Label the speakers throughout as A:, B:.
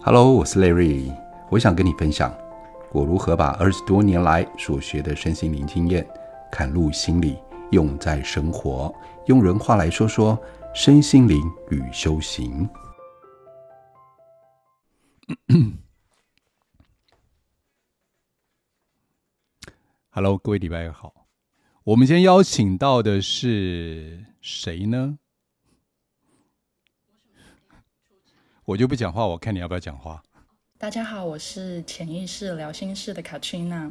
A: Hello，我是 Larry，我想跟你分享我如何把二十多年來所學的身心靈經驗，刻入心裡，用在生活。用人話來說說身心靈與修行。 Hello，各位禮拜好，我們今天邀請到的是誰呢？我就不講話，我看你要不要講話。
B: 大家好，我是潛意識療心室的 Katryna。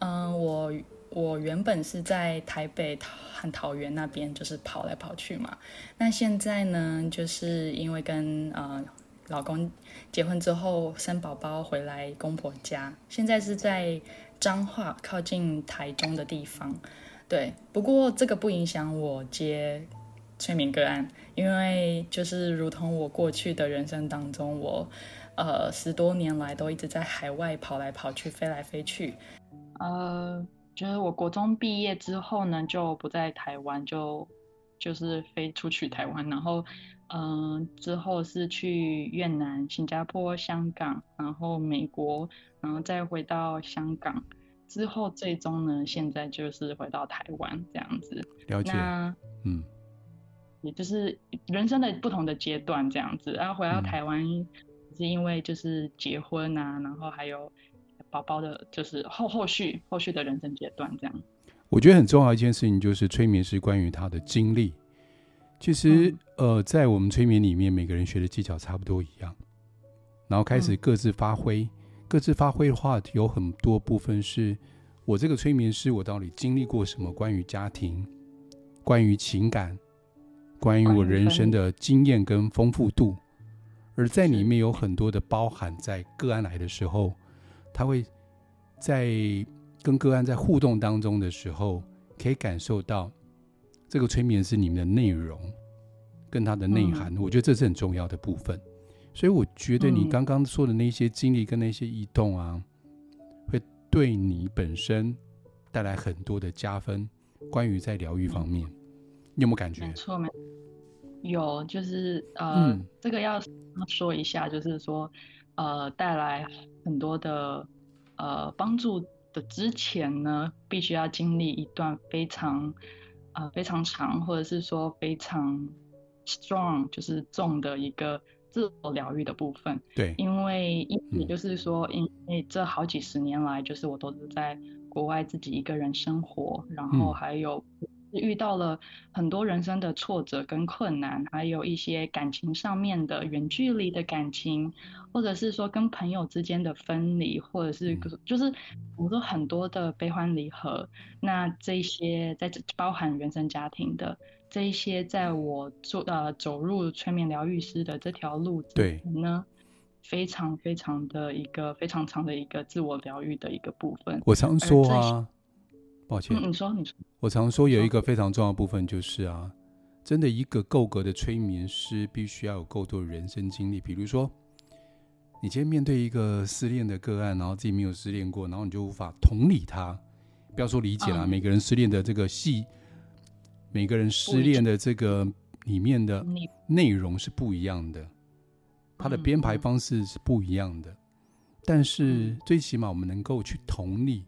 B: 嗯、呃，我我原本是在台北和桃園那邊，就是跑來跑去嘛。那現在呢，就是因為跟呃老公結婚之後生寶寶回來公婆家，現在是在彰化靠近台中的地方。對，不過這個不影響我接催眠個案。因為就是如同我過去的人生當中，我，呃，十多年來都一直在海外跑來跑去，飛來飛去，呃，就是我國中畢業之後呢，就不在台灣，就就是飛出去台灣，然後，嗯、呃，之後是去越南、新加坡、香港，然後美國，然後再回到香港，之後最終呢，現在就是回到台灣這樣子。了解，那嗯。也就是人生的不同的階段這樣子，然後回到台灣是因為就是結婚啊，嗯、然後還有寶寶的，就是後後續後續的人生階段這樣。
A: 我覺得很重要一件事情就是催眠師關於他的經歷。其實、嗯、呃，在我們催眠裡面，每個人學的技巧差不多一樣，然後開始各自發揮、嗯。各自發揮的話，有很多部分是，我這個催眠師我到底經歷過什麼？關於家庭，關於情感。關於我人生的經驗跟豐富度，而在裡面有很多的包含，在個案來的時候，他會在跟個案在互動當中的時候，可以感受到這個催眠師裡面的內容跟它的內涵，我覺得這是很重要的部分。所以我覺得你剛剛說的那些經歷跟那些異動啊，會對你本身帶來很多的加分。關於在療癒方面，你有沒有感覺？
B: 有，就是呃、嗯，這個要說一下，就是說，呃，帶來很多的呃幫助的之前呢，必須要經歷一段非常呃非常長，或者是說非常 strong，就是重的一個自我療癒的部分。對，因為，也就是說、嗯，因為這好幾十年來，就是我都是在國外自己一個人生活，然後還有。嗯遇到了很多人生的挫折跟困難，還有一些感情上面的遠距離的感情，或者是說跟朋友之間的分離，或者是一個、嗯、就是我說很多的悲歡離合。那這些在包含原生家庭的這一些，在我做呃走入催眠療癒師的這條路對，呢，非常非常的一個非常長的一個自我療癒的一個部分。我常說啊。
A: 抱歉，說，我常說有一個非常重要的部分就是啊，真的一個夠格的催眠師必須要有夠多的人生經歷。比如說，你今天面對一個失戀的個案，然後自己沒有失戀過，然後你就無法同理他，不要說理解啦。每個人失戀的這個戲，每個人失戀的這個裡面的內容是不一樣的，他的編排方式是不一樣的。但是最起碼我們能夠去同理。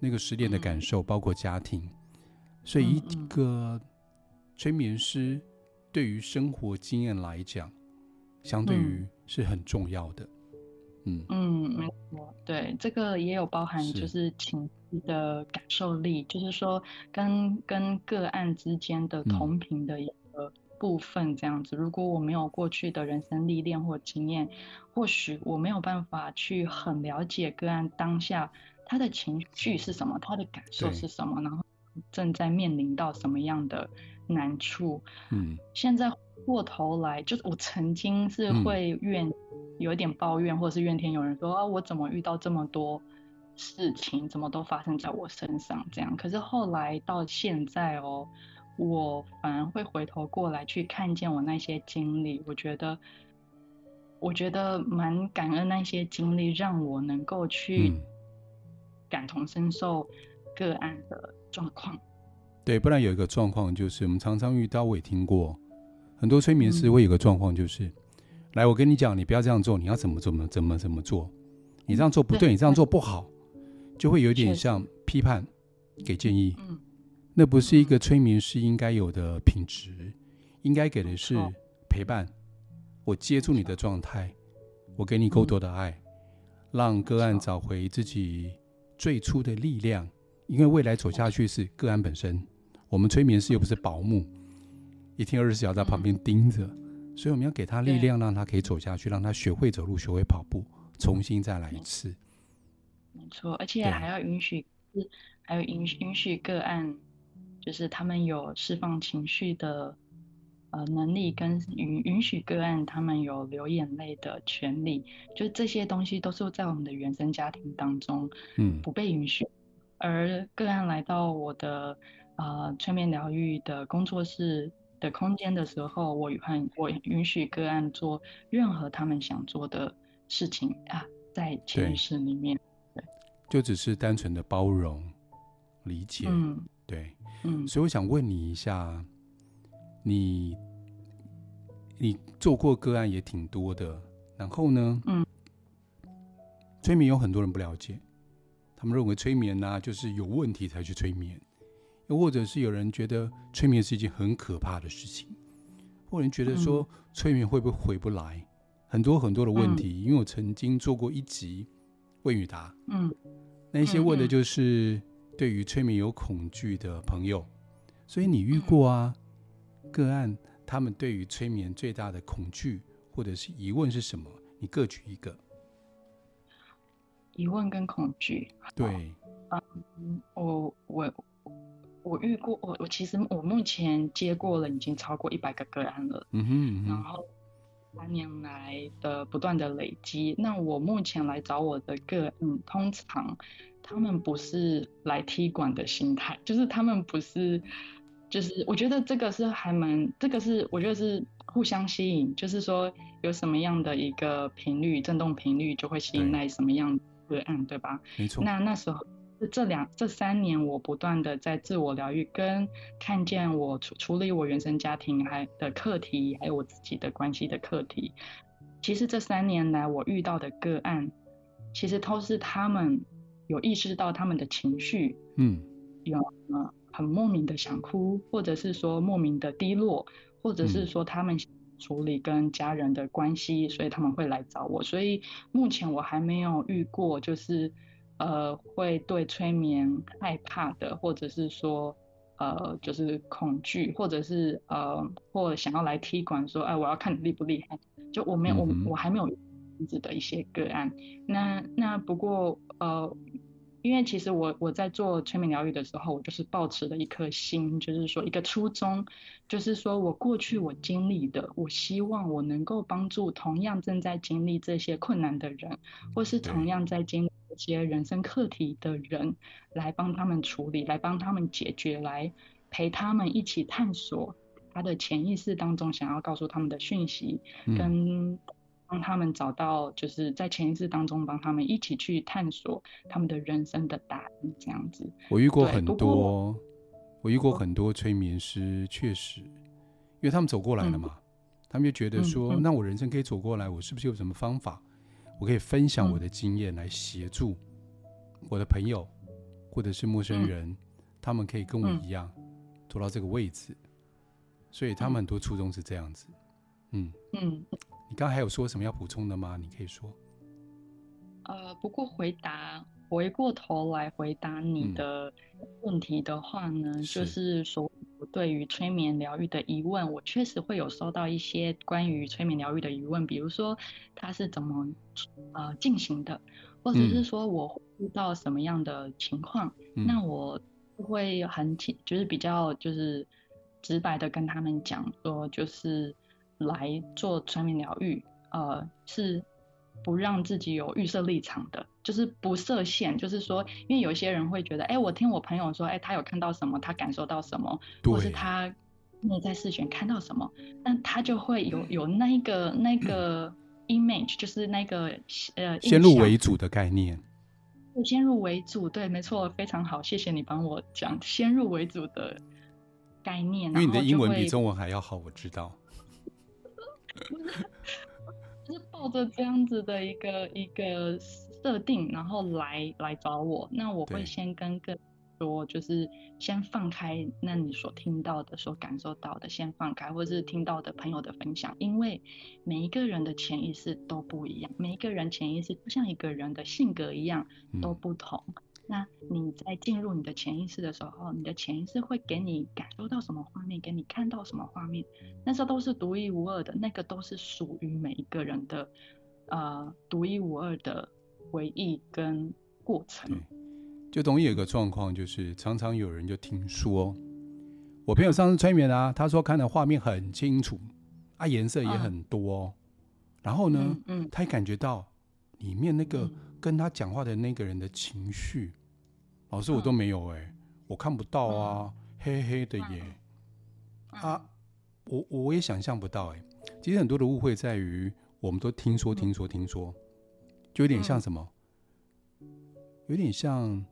A: 那個失戀的感受、嗯，包括家庭，所以一個催眠師對於生活經驗來講、嗯，相對於是很重要的。嗯嗯，
B: 嗯，沒錯，對這個也有包含，就是情緒的感受力，是就是說跟跟個案之間的同頻的一個部分，這樣子、嗯。如果我沒有過去的人生歷練或經驗，或許我沒有辦法去很了解個案當下，他的情緒是什麼？他的感受是什麼？然後正在面臨到什麼樣的難處？嗯，現在過頭來就是我曾經是會怨，嗯，有點抱怨，或者是怨天尤人說，說啊，我怎麼遇到這麼多事情，怎麼都發生在我身上？這樣。可是後來到現在哦，我反而會回頭過來去看見我那些經歷，我覺得，我覺得蠻感恩那些經歷，讓我能夠去。嗯感同身受個案的狀況，
A: 對，不然有一個狀況就是我們常常遇到，我也聽過很多催眠師會有一個狀況，就是、嗯、來，我跟你講，你不要這樣做，你要怎麼怎麼怎麼怎麼做，嗯、你這樣做不對，對，你這樣做不好，嗯、就會有點像批判，給建議、嗯，那不是一個催眠師應該有的品質，嗯、應該給的是陪伴，哦、我接住你的狀態，嗯、我給你夠多的愛、嗯，讓個案找回自己。最初的力量，因為未來走下去是個案本身。嗯、我們催眠師又不是保姆，嗯、一天二十四小時在旁邊盯着、嗯，所以我們要給他力量、嗯，讓他可以走下去，讓他學會走路，學會跑步，重新再來一次。
B: 嗯、沒錯，而且還要允許，還有允允許個案，就是他們有釋放情緒的。呃，能力跟允允許個案他們有流眼淚的權利，就這些東西都是在我們的原生家庭當中，嗯，不被允許、嗯。而個案來到我的呃催眠療愈的工作室的空間的時候，我很我允許個案做任何他們想做的事情啊，在潛意識裡面對，對，
A: 就只是單純的包容、理解、嗯，對，嗯，所以我想問你一下。你你做過個案也挺多的，然後呢？嗯。催眠有很多人不了解，他們認為催眠吶、啊、就是有問題才去催眠，又或者是有人覺得催眠是一件很可怕的事情，或人覺得說催眠會不會回不來，嗯，很多很多的問題、嗯。因為我曾經做過一集問與答，嗯，
B: 那一些問的就
A: 是對於催眠有恐懼的朋友，所以你遇過啊。嗯嗯個案，他們對於催眠最大的恐懼或者是疑問是什麼？你各舉一個。
B: 疑問跟恐懼。對。嗯，我我我遇過，我我其實我目前接過了已經超過一百個個案了。嗯哼嗯哼。然後三年來的不斷的累積，那我目前來找我的個案，嗯，通常他們不是來踢館的心態，就是他們不是。就是我覺得這個是還蠻，這個是我覺得是互相吸引，就是說有什麼樣的一個頻率、振動頻率，就會吸引來什麼樣的個案，對吧？沒錯。那那時候這兩這三年，我不斷的在自我療癒，跟看見我處處理我原生家庭還的課題，還有我自己的關係的課題。其實這三年來，我遇到的個案，其實都是他們有意識到他們的情緒，嗯，有。很莫名的想哭，或者是說莫名的低落，或者是說他們想處理跟家人的關係，所以他們會來找我。所以目前我還沒有遇過，就是呃，會對催眠害怕的，或者是說呃，就是恐懼，或者是呃，或想要來踢館說，哎，我要看你厲不厲害。就我沒有，我我還沒有這樣子的一些個案。那那不過呃。因為其實我我在做催眠療癒的時候，我就是抱持了一顆心，就是說一個初衷，就是說我過去我經歷的，我希望我能夠幫助同樣正在經歷這些困難的人，或是同樣在經歷這些人生課題的人，來幫他們處理，來幫他們解決，來陪他們一起探索他的潛意識當中想要告訴他們的訊息，跟。幫他們找到，就是在潛意識當中幫他們一起去探索他們的人生的答案，這樣子。我遇過很多我，
A: 我遇過很多催眠師，確實，因為他們走過來了嘛，嗯、他們就覺得說、嗯嗯，那我人生可以走過來，我是不是有什麼方法，我可以分享我的經驗來協助我的朋友、嗯、或者是陌生人、嗯，他們可以跟我一樣、嗯、走到這個位置，所以他們很多初衷是這樣子，
B: 嗯嗯。嗯
A: 你剛才還有說什麼要補充的嗎？你可以說。
B: 呃，不過回答回過頭來回答你的問題的話呢，嗯、就是說對於催眠療癒的疑問，我確實會有收到一些關於催眠療癒的疑問，比如說它是怎麼呃進行的，或者是說我遇到什麼樣的情況、嗯，那我會很就是比較就是直白的跟他們講說就是。來做催眠療癒，呃，是不讓自己有預設立場的，就是不設限。就是說，因為有些人會覺得，哎、欸，我聽我朋友說，哎、欸，他有看到什麼，他感受到什麼，或是他內在視覺看到什麼，那他就會有有那個那個 image， 就是那個呃先入為
A: 主的概念。
B: 先入為主，對，沒錯，非常好，謝謝你幫我講先入為主的概念。因為你的英文比中文
A: 還要好，我知道。
B: 就是抱着這樣子的一個一個設定，然後來來找我，那我會先跟各人說，就是先放開，那你所聽到的、嗯、所感受到的，先放開，或者是聽到的朋友的分享，因為每一個人的潛意識都不一樣，每一個人潛意識就像一個人的性格一樣，都不同。嗯那你在進入你的潛意識的時候，你的潛意識會給你感受到什麼畫面，給你看到什麼畫面，那時候都是獨一無二的，那個都是屬於每一個人的，呃，獨一無二的回憶跟過程。對，
A: 就等於有個狀況，就、就是常常有人就聽說，我朋友上次催眠啊，他說看的畫面很清楚，啊，顏色也很多、啊，然後呢，嗯，嗯他感覺到裡面那個跟他講話的那個人的情緒。老師，我都沒有哎、欸嗯，我看不到啊，嗯、黑黑的耶。嗯嗯、啊，我我也想象不到哎、欸。其實很多的誤會在於，我們都聽說聽說聽說，就有點像什麼，嗯、有點像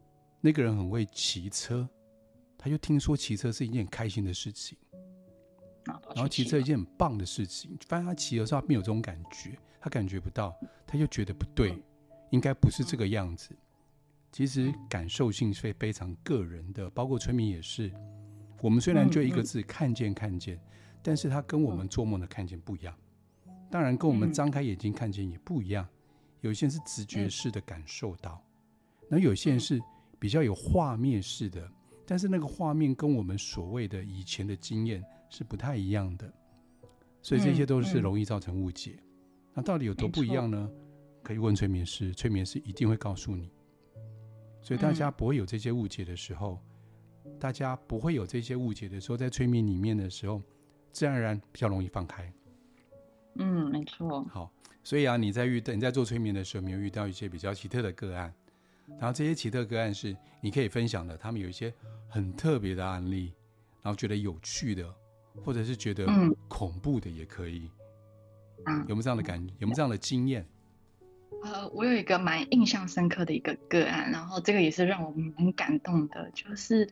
A: 那個人很會騎車，他就聽說騎車是一件很開心的事情，
B: 嗯、然後騎車一
A: 件很棒的事情。反正他騎的時候他沒有這種感覺，他感覺不到，他就覺得不對，應該不是這個樣子。嗯嗯其實感受性是非常個人的，包括催眠也是。我們雖然就一個字“看見”，看見看見，嗯、嗯，但是它跟我們做夢的看見不一樣。當然，跟我們張開眼睛看見也不一樣。有些人是直覺式的感受到，那有些人是比較有畫面式的，但是那個畫面跟我們所謂的以前的經驗是不太一樣的。所以這些都是容易造成誤解。嗯嗯、那到底有多不一樣呢？可以問催眠師，催眠師一定會告訴你。所以大家不會有這些誤解的時候，大家不會有這些誤解的時候，在催眠裡面的時候，自然而然比較容易放開。
B: 嗯，沒錯。
A: 好，所以啊，你在遇到你在做催眠的時候，有沒有遇到一些比較奇特的個案？然後這些奇特個案是你可以分享的，他們有一些很特別的案例，然後覺得有趣的，或者是覺得恐怖的也可以。嗯，有沒有這樣的感？有沒有這樣的經驗？
B: 呃，我有一個蠻印象深刻的一個個案，然後這個也是讓我們很感動的，就是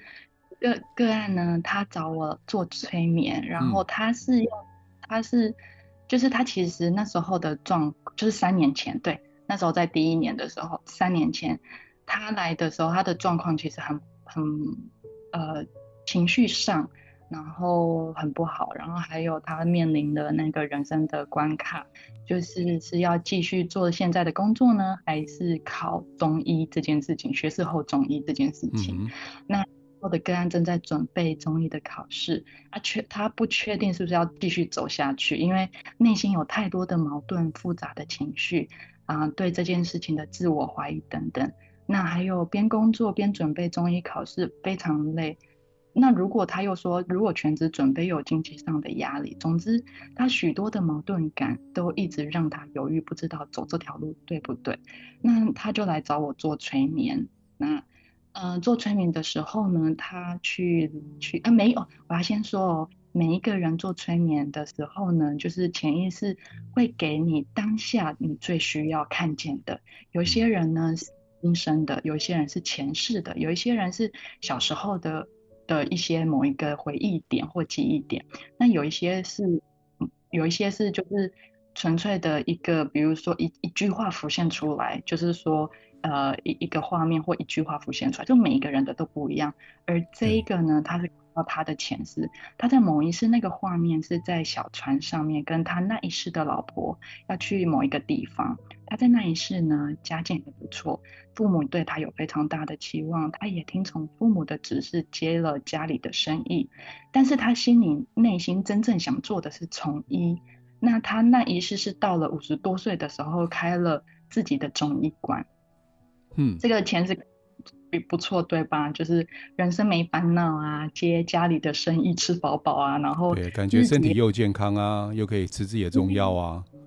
B: 個個案呢，他找我做催眠，然後他是用，他、嗯、是，就是他其實那時候的狀，就是三年前，對，那時候在第一年的時候，三年前，他來的時候，他的狀況其實很很，呃，情緒上。然後很不好，然後還有他面臨的那個人生的關卡，就是是要繼續做現在的工作呢，還是考中醫這件事情，學士後中醫這件事情。嗯嗯，那我的個案正在準備中醫的考試，他確他不確定是不是要繼續走下去，因為內心有太多的矛盾、複雜的情緒啊、呃，對這件事情的自我懷疑等等。那還有邊工作邊準備中醫考試，非常累。那如果他又說，如果全職準備有經濟上的壓力，總之他許多的矛盾感都一直讓他猶豫，不知道走這條路對不對。那他就來找我做催眠。那，呃，做催眠的時候呢，他去去啊，沒有，我要先說哦，每一個人做催眠的時候呢，就是潛意識會給你當下你最需要看見的。有些人呢是今生的，有些人是前世的，有一些人是小時候的。的一些某一個回憶點或記憶點，那有一些是，有一些是就是純粹的一個，比如說一一句話浮現出來，就是說呃一一個畫面或一句話浮現出來，就每一個人的都不一樣，而這一個呢，它是。他的前世，他在某一世那個畫面是在小船上面，跟他那一世的老婆要去某一個地方。他在那一世呢，家境也不錯，父母對他有非常大的期望，他也聽從父母的指示接了家裡的生意。但是他心裡內心真正想做的是從醫。那他那一世是到了五十多歲的時候開了自己的中醫館。嗯，這個前世。不錯，對吧？就是人生沒煩惱啊，接家裡的生意吃飽飽啊，然後對，感覺身體
A: 又健康啊，又可以吃自己的中藥啊。嗯、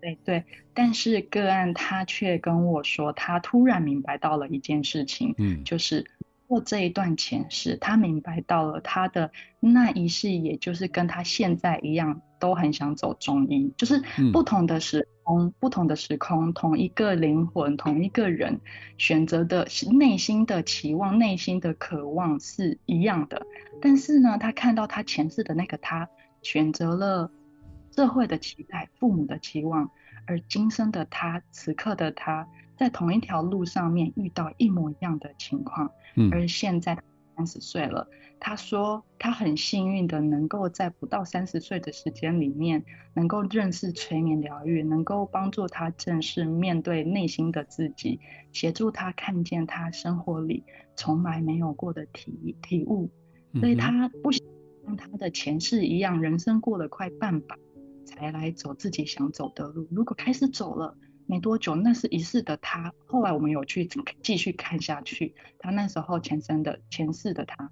B: 對對，但是個案他卻跟我說，他突然明白到了一件事情，嗯，就是過這一段前世，他明白到了他的那一世，也就是跟他現在一樣。都很想走中醫，就是不同的時空，嗯、不同的時空，同一個靈魂，同一個人選擇的內心的期望、內心的渴望是一樣的。但是呢，他看到他前世的那個他選擇了社會的期待、父母的期望，而今生的他此刻的他在同一條路上面遇到一模一樣的情況、嗯，而現在三十歲了，他說他很幸運的能夠在不到三十歲的時間裡面，能夠認識催眠療癒，能夠幫助他正視面對內心的自己，協助他看見他生活裡從來沒有過的體體悟，所以他不想跟他的前世一樣，人生過了快半百才來走自己想走的路，如果開始走了。沒多久，那是一世的他。後來我們有去繼續看下去，他那時候前生的前世的他，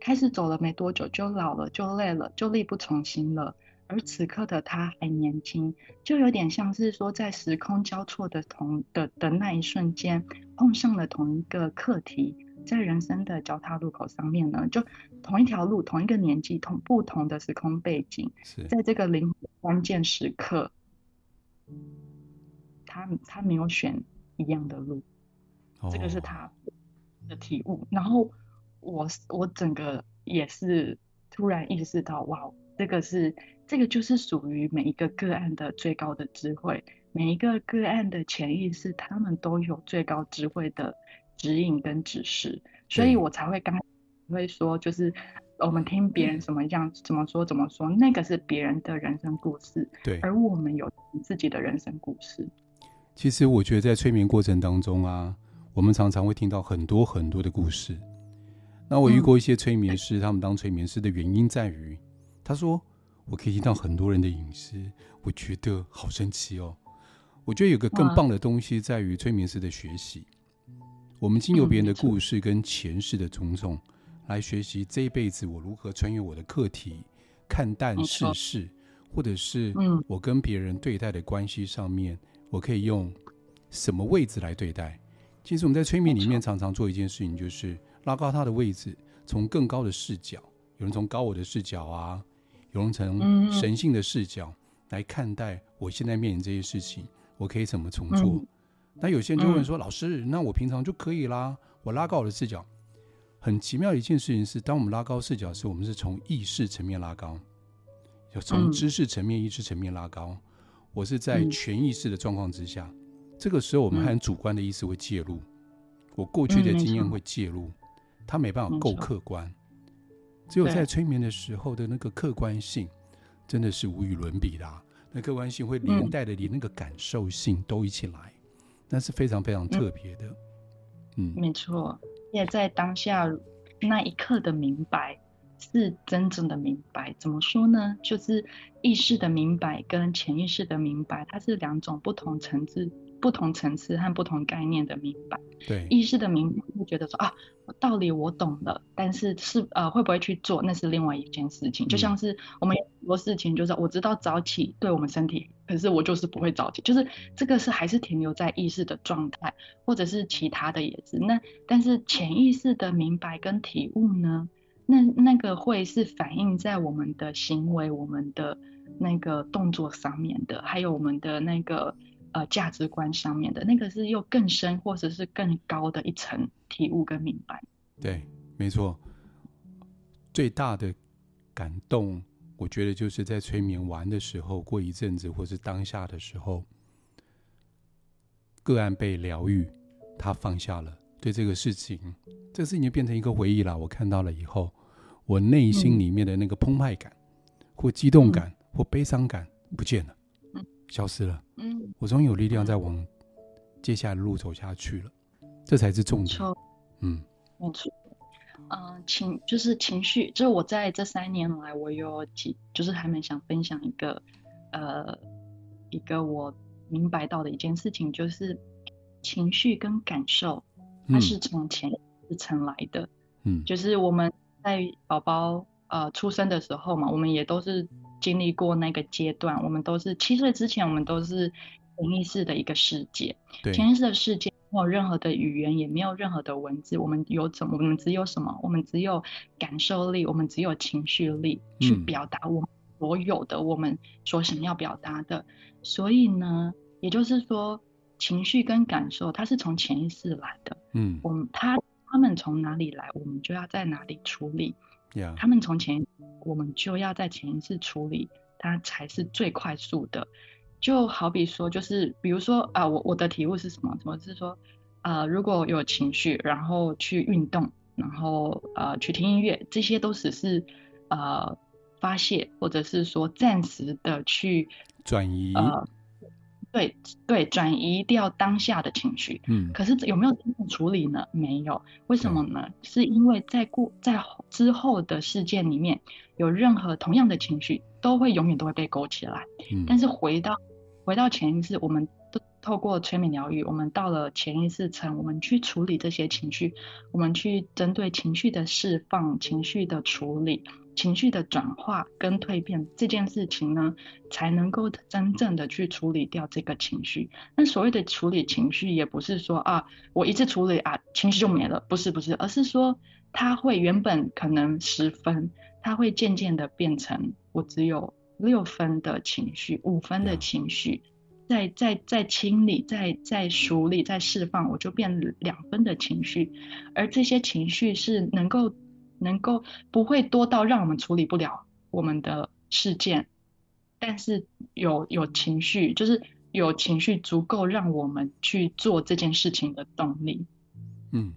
B: 開始走了沒多久就老了，就累了，就力不從心了。而此刻的他還年輕，就有點像是說在時空交錯的同的的那一瞬間，碰上了同一個課題，在人生的交叉路口上面呢，就同一條路，同一個年紀，同不同的時空背景，在這個臨關鍵時刻。他他沒有選一樣的路，
A: 哦、這個
B: 是他的體悟。嗯、然後我我整個也是突然意識到，哇，這個是這個就是屬於每一個個案的最高的智慧，每一個個案的潛意識，他們都有最高智慧的指引跟指示，所以我才會剛才會說，就是我們聽別人怎麼樣、嗯、怎麼說怎麼說，那個是別人的人生故事，對，而我們有自己的人生故事。
A: 其實我覺得，在催眠過程當中啊，我們常常會聽到很多很多的故事。那我遇過一些催眠師，他們當催眠師的原因在於，他說我可以聽到很多人的隱私，我覺得好生氣好神奇哦。我覺得有個更棒的東西在於催眠師的學習，我們經由別人的故事跟前世的種種，來學習這一輩子我如何穿越我的課題，看淡世事，或者是我跟別人對待的關係上面。我可以用什麼位置來對待？其實我們在催眠裡面常常做一件事情，就是拉高他的位置，從更高的視角。有人從高我的視角啊，有人從神性的視角來看待我現在面臨這些事情，我可以怎麼重做？那有些人就會問說：“老師，那我平常就可以啦。”我拉高我的視角。很奇妙的一件事情是，當我們拉高視角時，我們是從意識層面拉高，就從知識層面、意識層面拉高。我是在全意識的狀況之下，嗯、這個時候我們很主觀的意識會介入，我過去的經驗會介入，嗯、沒錯，它沒辦法夠客觀。
B: 只有在
A: 催眠的時候的那個客觀性，真的是無與倫比的、啊。那客觀性會連帶的連那個感受性都一起來，那、嗯、是非常非常特別的。嗯，嗯
B: 沒錯，也在當下那一刻的明白。是真正的明白，怎麼說呢？就是意識的明白跟潛意識的明白，它是兩種不同層次，不同層次和不同概念的明白。對，意識的明白會覺得說啊，道理我懂了，但是是呃會不會去做，那是另外一件事情。就像是我們有很多事情，就是我知道早起對我們身體，可是我就是不會早起，就是這個是還是停留在意識的狀態，或者是其他的也是。那但是潛意識的明白跟體悟呢？那那個會是反映在我們的行為、我們的那個動作上面的，還有我們的那個呃價值觀上面的，那個是又更深或者是更高的一層體悟跟明白。
A: 對，沒錯。最大的感動，我覺得就是在催眠完的時候，過一陣子或是當下的時候，個案被療癒，他放下了。對這個事情，這個、事情就變成一個回憶了。我看到了以後，我內心裡面的那個澎湃感、嗯、或激動感、嗯、或悲傷感不見了、嗯，消失了。嗯，我終於有力量在往接下來的路走下去了。嗯、這才是重點。嗯，沒
B: 錯。嗯、呃，情就是情緒，就是我在這三年來，我有幾，就是還蠻想分享一個，呃，一個我明白到的一件事情，就是情緒跟感受。它是從潛意識層來的，
A: 嗯，
B: 就是我們在寶寶呃出生的時候嘛，我們也都是經歷過那個階段，我們都是七歲之前，我們都是潛意識的一個世界，對，潛意識的世界沒有任何的語言，也沒有任何的文字，我們有怎我們只有什麼？我們只有感受力，我們只有情緒力去表達我們所有的我們所想要表達的。嗯，所以呢，也就是說。情緒跟感受，它是從潛意識來的。嗯，我們他他們從哪裡來，我們就要在哪裡處理。
A: 他、
B: yeah. 們從前，我們就要在潛意識處理，它才是最快速的。就好比說，就是比如說啊，我我的體悟是什麼？什麼是說，啊、呃，如果有情緒，然後去運動，然後啊、呃，去聽音樂，這些都只是啊、呃，發洩，或者是說暫時的去轉移。呃對對，轉移掉當下的情緒。嗯，可是有沒有處理呢？沒有，為什麼呢？嗯、是因為在過在之後的事件裡面，有任何同樣的情緒，都會永遠都會被勾起來。嗯、但是回到回到潛意識，我們都透過催眠療癒，我們到了潛意識層，我們去處理這些情緒，我們去針對情緒的釋放，嗯、情緒的處理。情緒的轉化跟蛻變這件事情呢，才能夠真正的去處理掉這個情緒。那所謂的處理情緒，也不是說啊，我一次處理啊，情緒就沒了，不是不是，而是說，它會原本可能十分，它會漸漸的變成我只有六分的情緒，五分的情緒，在在在清理，在在梳理，在釋放，我就變兩分的情緒，而這些情緒是能夠。能夠不會多到讓我們處理不了我們的事件，但是有有情緒，就是有情緒足夠讓我們去做這件事情的動力。嗯，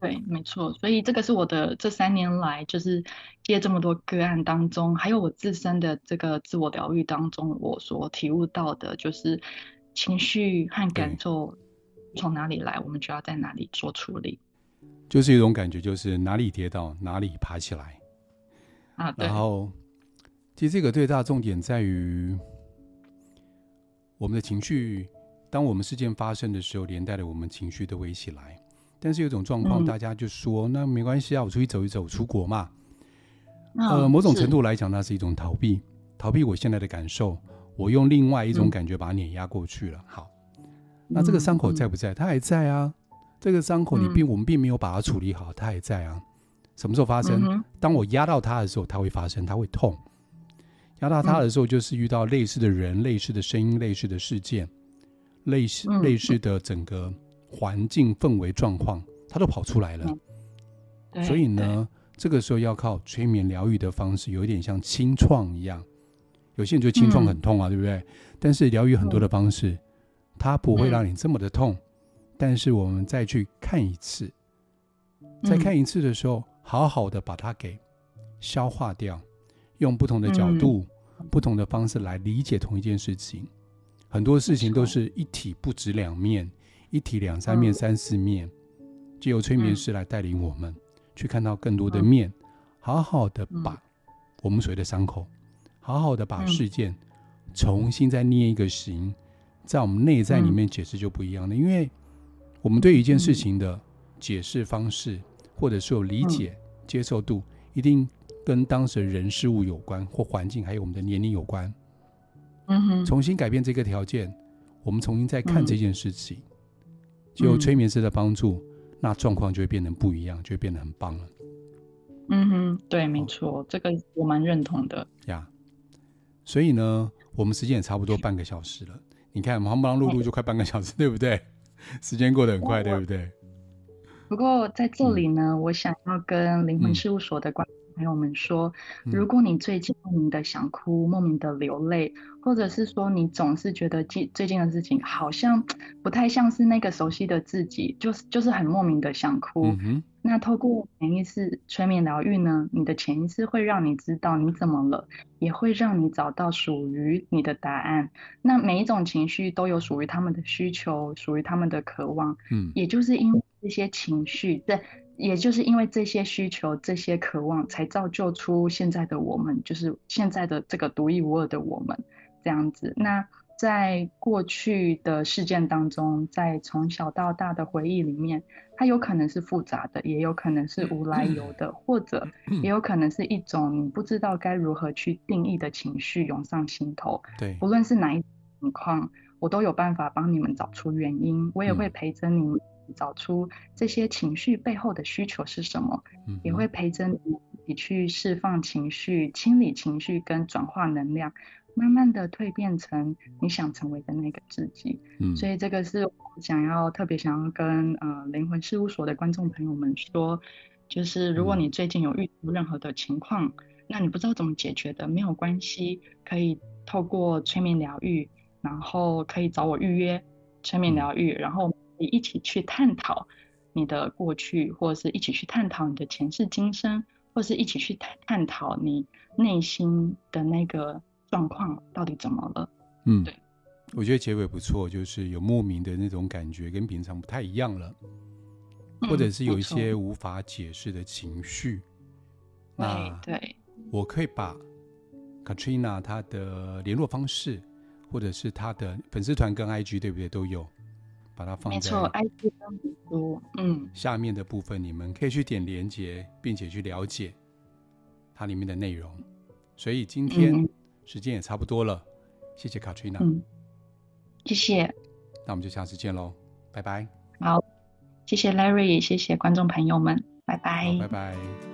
B: 對，沒錯。所以這個是我的這三年來就是接這麼多個案當中，還有我自身的這個自我療癒當中，我所體悟到的就是情緒和感受從哪裡來，嗯，我們就要在哪裡做處理。
A: 就是一種感覺，就是哪裡跌倒哪裡爬起來。
B: 啊、然後
A: 其實這個最大的重點在於我們的情緒，當我們事件發生的時候，連帶著我們情緒都會一起來。但是有種狀況、嗯，大家就說那沒關係啊，我出去走一走，嗯，出國嘛。
B: 呃、哦，某種程度
A: 來講，那是，是一種逃避，逃避我現在的感受，我用另外一種感覺把它碾壓過去了，嗯。好，那這個傷口在不在？嗯，它還在啊。這個傷口你並、嗯、我們並沒有把它處理好，它還在啊。什麼時候發生、嗯？當我壓到它的時候，它會發生，它會痛。壓到它的時候，就是遇到類似的人、嗯、類似的聲音、類似的事件、類似、嗯、類似的整個環境氛圍狀況，它都跑出來了。嗯、所以呢，這個時候要靠催眠療癒的方式，有一點像清創一樣。有些人覺得清創很痛啊、嗯，對不對？但是療癒很多的方式，嗯、它不會讓你這麼的痛。嗯嗯但是我們再去看一次，
B: 再看
A: 一次的時候，嗯、好好的把它給消化掉，用不同的角度、嗯、不同的方式來理解同一件事情。很多事情都是一體不止兩面，嗯、一體兩三面、嗯、三四面，就由催眠師來帶領我們、嗯、去看到更多的面、嗯。好好的把我們所謂的傷口，好好的把事件重新再捏一個形，在我們內在裡面解釋就不一樣了，嗯、因為。我們對一件事情的解釋方式，嗯、或者是有理解、嗯、接受度，一定跟當時人事物有關，或環境，還有我們的年齡有關。嗯哼，重新改變這個條件，我們重新再看這件事情，
B: 就、嗯、催
A: 眠師的幫助、嗯，那狀況就會變得不一樣，就會變得很棒了。嗯
B: 哼，對，沒錯，Oh. 這個我蠻認同的。
A: 呀、Yeah.，所以呢，我們時間也差不多半個小時了。 你看，忙忙碌碌就快半個小時，對，對不對？時間過得很快，對不對？
B: 不過在這裡呢，嗯、我想要跟靈魂事務所的關係。嗯朋友們說，如果你最近莫名的想哭，嗯、莫名的流淚，或者是說你總是覺得近最近的事情好像不太像是那個熟悉的自己，就是就是很莫名的想哭。嗯、那透過潛意識催眠療癒呢，你的潛意識會讓你知道你怎麼了，也會讓你找到屬於你的答案。那每一種情緒都有屬於他們的需求，屬於他們的渴望，嗯。也就是因為這些情緒在。也就是因為這些需求、這些渴望，才造就出現在的我們，就是現在的這個獨一無二的我們這樣子。那在過去的事件當中，在從小到大的回憶裡面，它有可能是複雜的，也有可能是無來由的，嗯，或者也有可能是一種你不知道該如何去定義的情緒湧上心頭。對，不論是哪一種情況，我都有辦法幫你們找出原因，我也會陪着你。找出這些情緒背後的需求是什麼，嗯，也會陪着你去釋放情緒、清理情緒跟轉化能量，慢慢的蛻變成你想成為的那個自己。嗯，所以這個是我想要特別想要跟，呃，靈魂事務所的觀眾朋友們說，就是如果你最近有遇到任何的情況，那你不知道怎麼解決的，沒有關係，可以透過催眠療癒，然後可以找我預約催眠療癒，然後，你一起去探討你的過去，或者是一起去探討你的前世今生，或是一起去探討你內心的那個狀況到底怎麼了？嗯，對，
A: 我覺得結尾不錯，就是有莫名的那種感覺，跟平常不太一樣了，或者是有一些無法解釋的情緒、嗯。那對我可以把 Katryna 她的聯絡方式，或者是她的粉絲團跟 IG 對不對都有。把它放在沒
B: 錯，嗯。
A: 下面的部分你們可以去點連接，並且去了解它裡面的內容。所以今天時間也差不多了，謝謝 Katryna。嗯，
B: 謝謝。
A: 那我們就下次見嘍，拜拜。
B: 好，謝謝 Larry，謝謝觀眾朋友們，拜拜，拜拜。